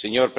señor presidente